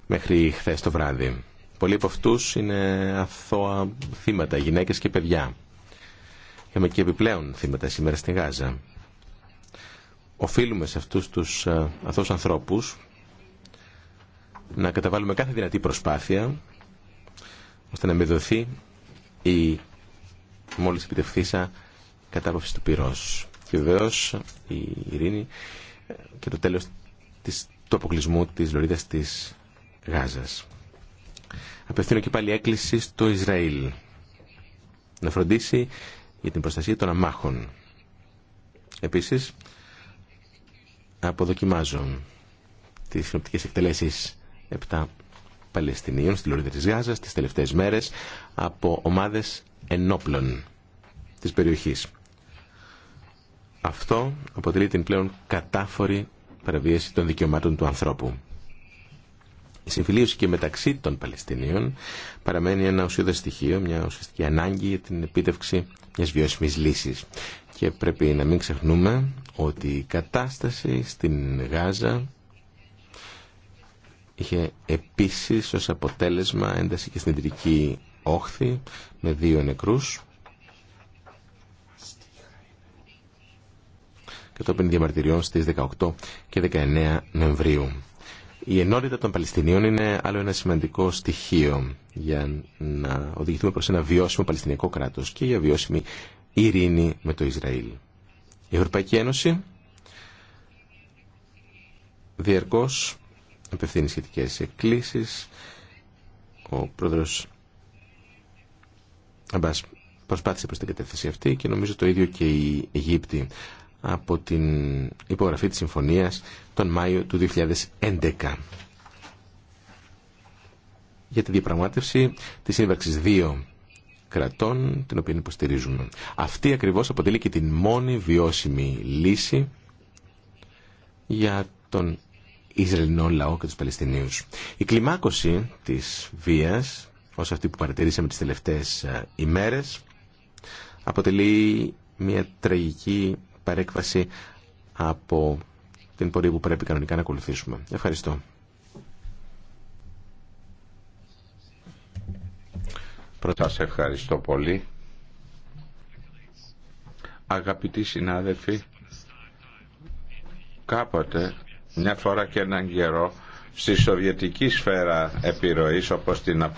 μέχρι χθε το βράδυ. Πολλοί από αυτού είναι αθώα θύματα, γυναίκες και παιδιά. Είχαμε και επιπλέον θύματα σήμερα στη Γάζα. Οφείλουμε σε αυτούς τους ε, αθώους ανθρώπους να καταβάλουμε κάθε δυνατή προσπάθεια ώστε να δοθεί η μόλις επιτευχθήσα κατάπαυση του πυρός. Και βεβαίω η ειρήνη ε, και το τέλος της, του αποκλεισμού της λωρίδας της Γάζας. Απευθύνω και πάλι έκκληση στο Ισραήλ να φροντίσει για την προστασία των αμάχων. Επίσης, αποδοκιμάζω τις συνοπτικές εκτελέσεις 7 Παλαιστινίων στη Λωρίδα της Γάζας τις τελευταίες μέρες από ομάδες ενόπλων της περιοχής. Αυτό αποτελεί την πλέον κατάφορη παραβίαση των δικαιωμάτων του ανθρώπου. Η συμφιλίωση και μεταξύ των Παλαιστινίων παραμένει ένα ουσιώδες στοιχείο, μια ουσιαστική ανάγκη για την επίτευξη μιας βιώσιμης λύσης. Και πρέπει να μην ξεχνούμε ότι η κατάσταση στην Γάζα είχε επίσης ως αποτέλεσμα ένταση και στην όχθη με δύο νεκρούς κατόπιν διαμαρτυριών στις 18 και 19 Νοεμβρίου. Η ενότητα των Παλαιστινίων είναι άλλο ένα σημαντικό στοιχείο για να οδηγηθούμε προς ένα βιώσιμο Παλαιστινιακό κράτος και για βιώσιμη ειρήνη με το Ισραήλ. Η Ευρωπαϊκή Ένωση διαρκώς απευθύνει σχετικές εκκλήσεις. Ο πρόεδρος Αμπάς προσπάθησε προς την κατεύθυνση αυτή και νομίζω το ίδιο και η Αιγύπτιοι από την υπογραφή της συμφωνίας τον Μάιο του 2011 για τη διαπραγμάτευση της σύμβαξης δύο κρατών την οποία υποστηρίζουμε. Αυτή ακριβώς αποτελεί και την μόνη βιώσιμη λύση για τον Ισραηλινό λαό και τους Παλαιστινίους. Η κλιμάκωση της βίας, ως αυτή που παρατηρήσαμε τις τελευταίες ε, ημέρες, αποτελεί μια τραγική παρέκβαση από την πορεία που πρέπει κανονικά να ακολουθήσουμε. Ευχαριστώ. σε ευχαριστώ πολύ. Αγαπητοί συνάδελφοι, κάποτε, μια φορά και έναν καιρό, στη σοβιετική σφαίρα επιρροής, όπως την